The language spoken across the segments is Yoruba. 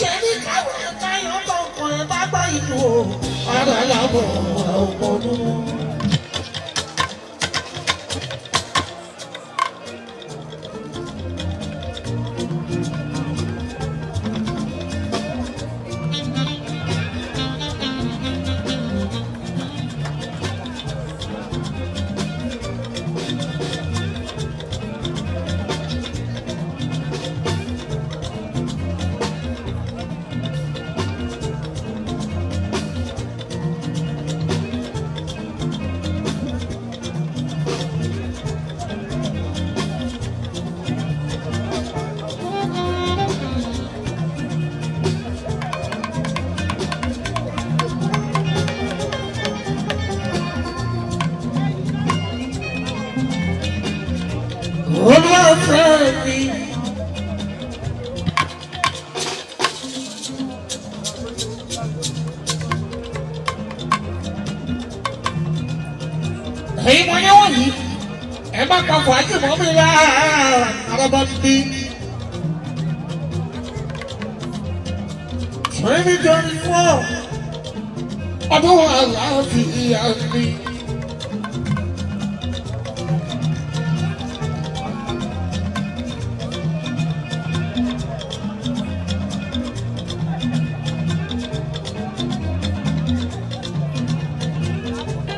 ṣe ní káwé káyọ̀ kọ̀ọ̀kan ẹ bá gbá ìlú ara làwọn ọ̀pọ̀ ọ̀pọ̀ nù. Abandi. Twenty twenty four. Ọdún àlàáfíà ìyá mi.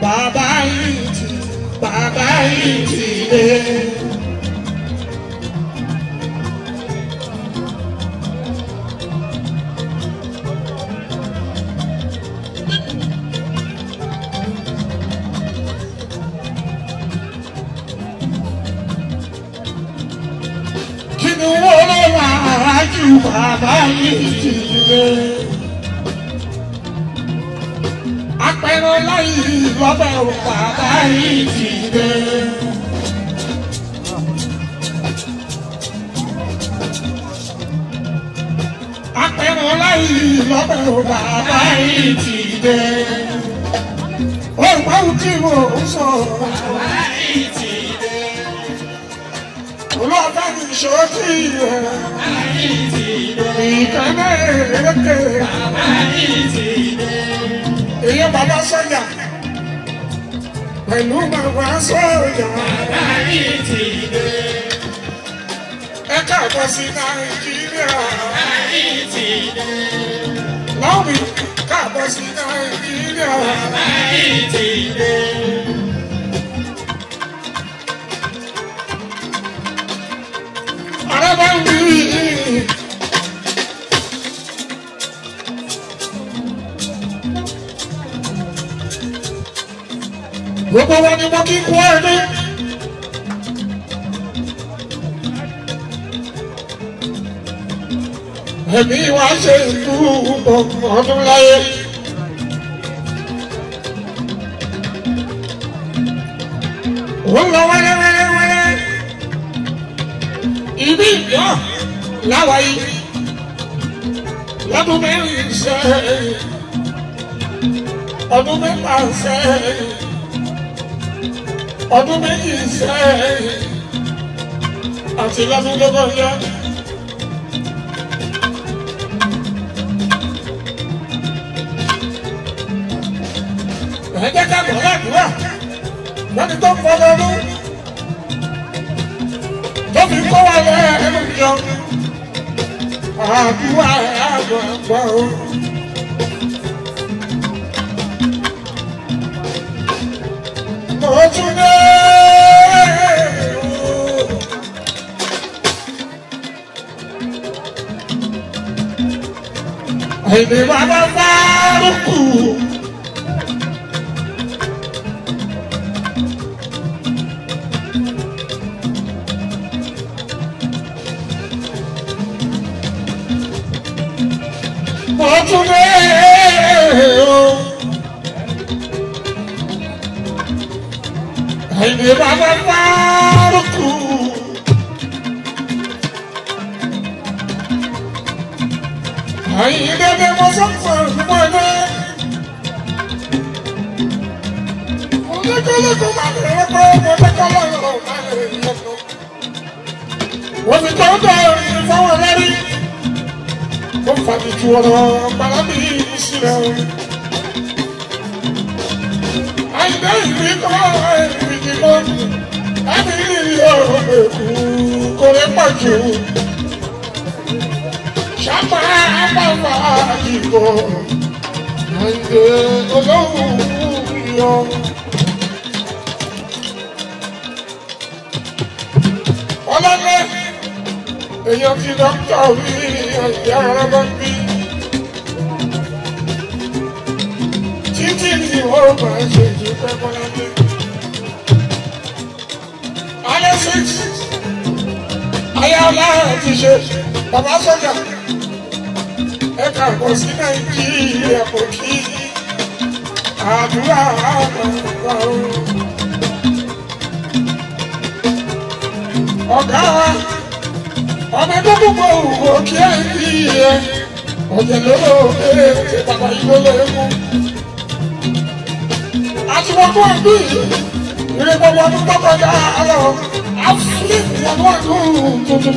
Bàbá. báyìí lọ́bẹ̀ ò bàbá yìí ti dé. apẹ̀rẹ̀ láyìí lọ́bẹ̀ ò bàbá yìí ti dé. olùkọ́ òkè wò ó sọ̀rọ̀ bàbá yìí ti dé. olùkọ́ mi ṣòkì rẹ̀. bàbá yìí ti ayé bàbá sọ́jà pẹ̀lú bàbá sọ́jà. bàbá yìí ti dé. ẹ káàbọ̀ sí nàìjíríà. bàbá yìí ti dé. lọ́wìn káàbọ̀ sí nàìjíríà. bàbá yìí ti dé. gbogbo wọn ni mo kí kú ẹni. ẹ̀mí wa ṣe ìlú ọdún láyé. ó lọ wẹ́lẹ́wẹ́lẹ́wẹ́lẹ́ ìbí ìjọ láwàyí lọ́dún mẹ́rin sẹ́yìn ọdún mẹ́fà sẹ́yìn ọdún méjì sẹ́yìn àti lọ́dún tó kọjá. ẹ̀jẹ̀ ká gbọ́dọ̀ àdúrà lọ́dí tó ń fọdọ̀ ọdún tó fi kọ́ wa lọ́yà ẹnu jọ àdúrà àgbọ̀ngbọ̀n. èmi wà bá fárúkù. mo tún lé o. èmi ẹ̀yin dédé mo sọ fún ọ̀gbọ́n náà. Ojú tó lè kó má lè rẹ́ pé mo fẹ́ kọ́ lọ́rùn ọ̀ má lè rẹ́ yẹn tó. Wọ́n ti tọ́ bá orin fáwọn lẹ́rí. Ó fàmì ju ọ̀rọ̀ Bàlámì yìí síra o. Àyìnbá ìlú kọ́ ẹ̀rù ìdìbò. Ẹ̀mí ìlú ọ̀rọ̀ èkó kò lè pọ̀ jù ṣàpá àpàpà ìbò àìdè olóhùn yọ. ọlọ́lẹ́ èèyàn ti dókítà wí ọ̀sẹ̀ ara bá bí. títí ni wọ́n máa ṣe ìdúpẹ́ kọ́ládé. alẹ́ six ayé ọlá ti ṣe bàbá sọ́jà ẹ kàbọ̀ sí nàìjíríà kò kí àdúrà àwọn ọ̀gá o. ọ̀gá wa ọmọ ẹgbẹ́ púpọ̀ òwò kí ẹ rí ẹ ọ̀jẹ̀ lóró ẹ bàbá yìí ló lè mú. àtiwọ́pọ̀ bí ìrẹ́pọ̀ wọnú tọkọjá lọ àfúlẹ̀ wọnú ọdún tuntun.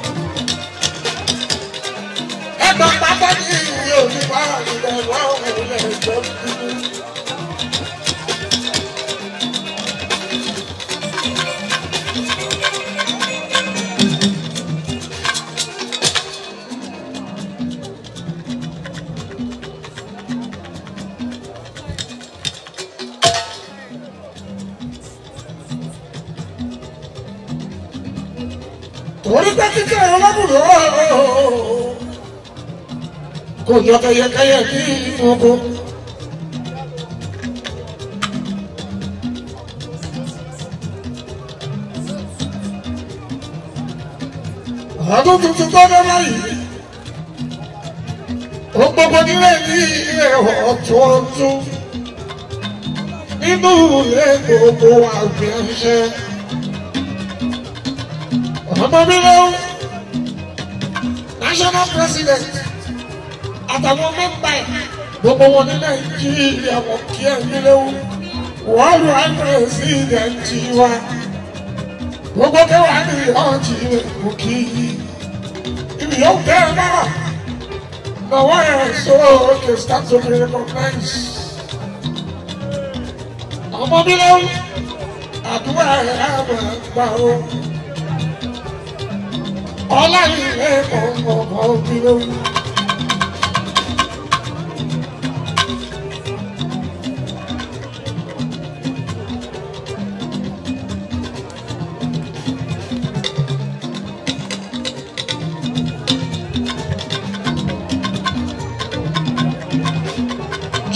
tọ́ pátá ní ìwé òní wà nílẹ̀ wọ́n òun lẹ̀ jọ́ bíbí. kò yọ kẹyẹkẹyẹ ní inú oko. ọdún tuntun tó dé báyìí ó gbogbo nílé ní ilé ọ̀tún ọ̀tún nínú ilé gbogbo àgbẹ̀ ń ṣe ọmọ mi lọ́wọ́ national president àtàwọn mẹ́mbà ẹ̀ gbogbo wọn ní nàìjíríà wọ̀ kí ẹ̀ níléwu wọ́ọ̀lù àgbẹ̀sí ilẹ̀ ń ti wá gbogbo kẹwàá ní ìrántí rẹ̀ kò kí i ibi yóò bẹ́ ẹ náà lọ́wọ́ ẹ̀ so okay start to be recognized ọmọ mi lọ́wọ́ àdúrà ẹ̀ á máa gbà ó ọlá yìí ẹ̀ kọ̀ọ̀kan ọ̀gbìn lọ́wọ́.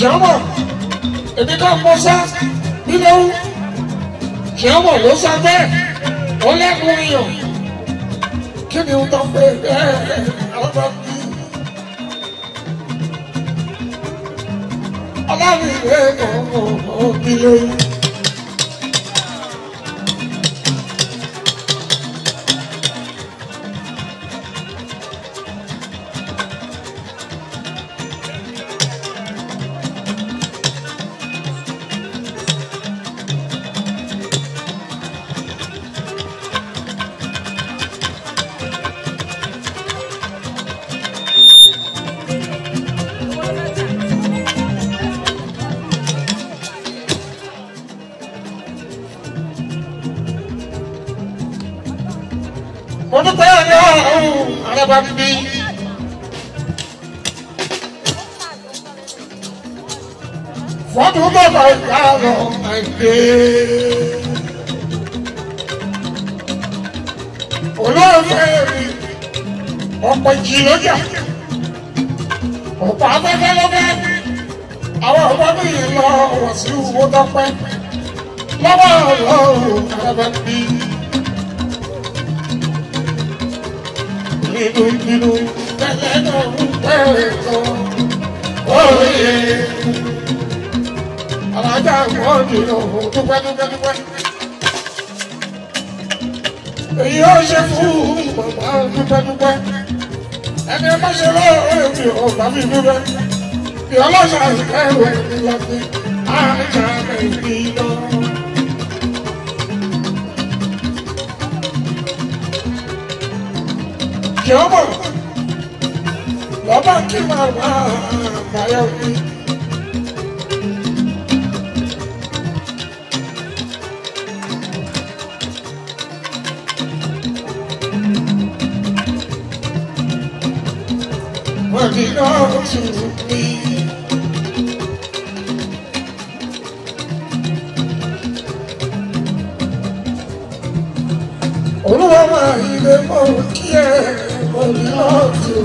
ṣẹ́wọ̀ èmi kan mọ sá nílẹ̀wù ṣẹ́wọ̀ ló sá bẹ́ẹ̀ ó lẹ́kùn yàn kí ni ó tán pé ẹ ẹ àwọn bí. ọlọ́run ìwé kan mọ̀ bí lóyún. mo dúpẹ́ ọ̀yọ́ ọ̀hún alábà bíbí. fọ́dún bàbá ìyá rọ̀ ẹ̀dẹ́. olóòrùn èrè ọ̀pọ̀ ìjì lójà ọ̀pọ̀ afẹ́fẹ́ lọ́fẹ́ àwọn ọ̀pọ̀ mi lọ wọ̀ sí owó tọ́pẹ́ lọ́wọ́ ọ̀rọ̀ ọ̀rọ̀ alábà nínú nínú tẹ́lẹ̀ náà ń tẹ̀lé kan òye. alájà wọn ni òun dúpẹ́ dúpẹ́ dúpẹ́. èyí ó ṣe fún bàbá dúpẹ́ dúpẹ́. ẹni ẹ má ṣe lọ́wọ́ èmi ò bá mi dúpẹ́. ìyá ọlọ́sàn-án ẹ̀wẹ̀ ni wọ́n ti àjà ẹ̀mí lọ. àjọbọ lọba kí máa wá àbáyọ mi. wọ́n ti lọ́ọ́ tún mi. olúwa máa yí lè mọ̀ kí ẹ olóòtú.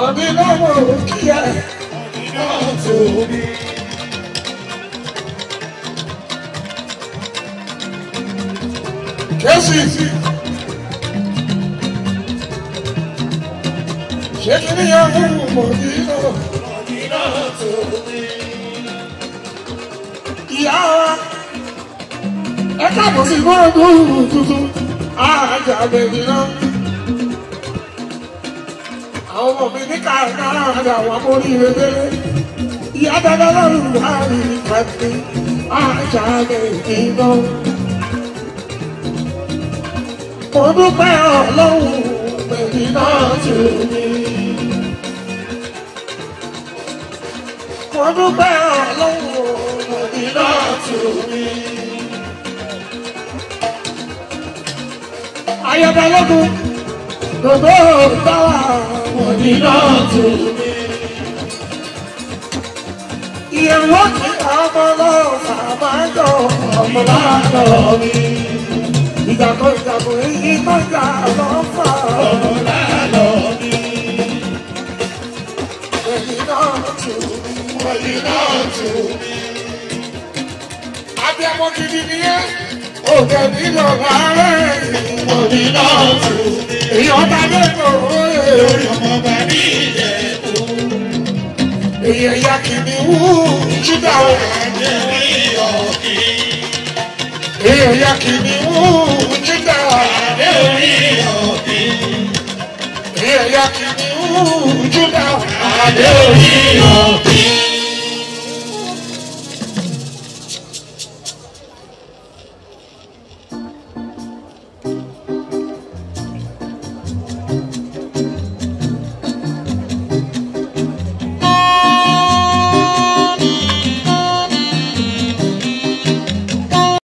onílọ́wọ́ kíá olóòtú mi. kẹ́sì ṣé kí ni yàrá mọ̀ nílò onílọ́tò ẹ káàbọ̀ sí ìgbọ́rọ̀dọ̀ òòrùn tuntun àjà bèbí náà. àwọn ọmọ mi ní káàkiri àjà wà mórí ìrẹ́bẹ̀rẹ̀ ìyá dáadáa lọ́rùn wà ní ìpàdé àjà bèbí mo dúpẹ́ ọlọ́run bèbí náà tù mí. mo dúpẹ́ ọlọ́run bèbí náà tù mí. ayọ̀dọ̀lọ́gùn gbogbo báwa òní náà tù mí. ìyàwó ti ọmọ lọ́ọ̀fà máa ń lọ ọmọ máa lọ mi. ìjàkọ̀ ìjàkọ̀ èyí tó jà lọ́fà ọmọ náà lọ mi. òní náà tù mí. òní náà tù mí. abiyamọ gidi nìyẹn òkè nílò bàárẹ̀ ìwò nílò ọ̀tún ìyọba lẹ́kọ̀ọ́ òye ọmọba ní ilẹ̀ tó èyẹ ya kìíní wú ṣúgà òkè ní ọ̀kì èyẹ ya kìíní wú ṣúgà òkè ní ọ̀kì èyẹ ya kìíní wú ṣúgà òkè ní ọ̀kì.